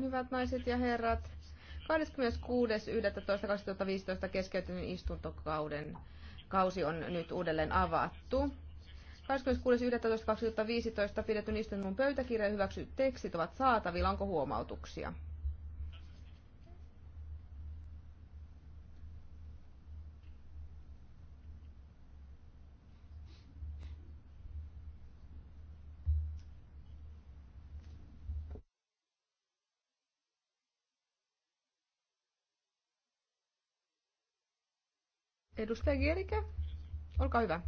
Hyvät naiset ja herrat, 26.11.2015 keskeytynyt istuntokauden kausi on nyt uudelleen avattu. 26.11.2015 pidetyn istunnon pöytäkirja hyväksyt tekstit ovat saatavilla. Onko huomautuksia? Edustaja Gierikä, olkaa hyvä.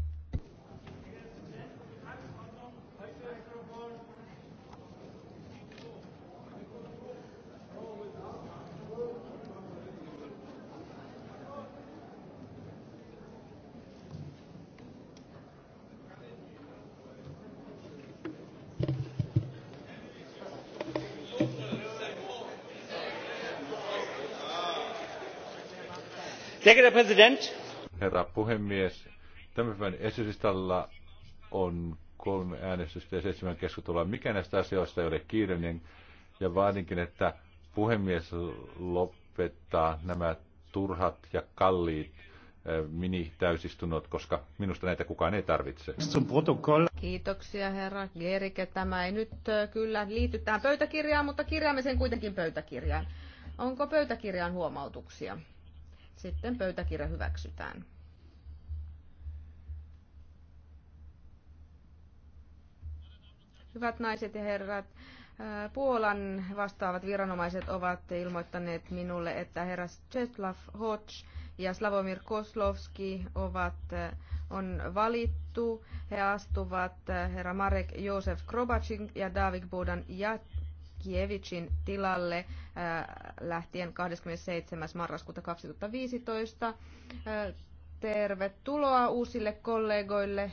sehr geehrter herr präsident! herra puhemies. Tämän päivän esitystalla on kolme äänestystä ja seitsemän keskustelua. Mikä näistä asioista ei ole kiireinen ja vaadinkin, että puhemies lopettaa nämä turhat ja kalliit eh, mini-täysistunnot, koska minusta näitä kukaan ei tarvitse. Kiitoksia herra Gerike. Tämä ei nyt eh, kyllä liity tähän pöytäkirjaan, mutta kirjaamme sen kuitenkin pöytäkirjaan. Onko pöytäkirjaan huomautuksia? Sitten pöytäkirja hyväksytään. Hyvät naiset ja herrat, Puolan vastaavat viranomaiset ovat ilmoittaneet minulle, että herra Czeslaw Hodge ja Slavomir Koslovski ovat, on valittu. He astuvat herra Marek Josef Krobacin ja David Bodan Jakievicin tilalle lähtien 27. marraskuuta 2015. Tervetuloa uusille kollegoille.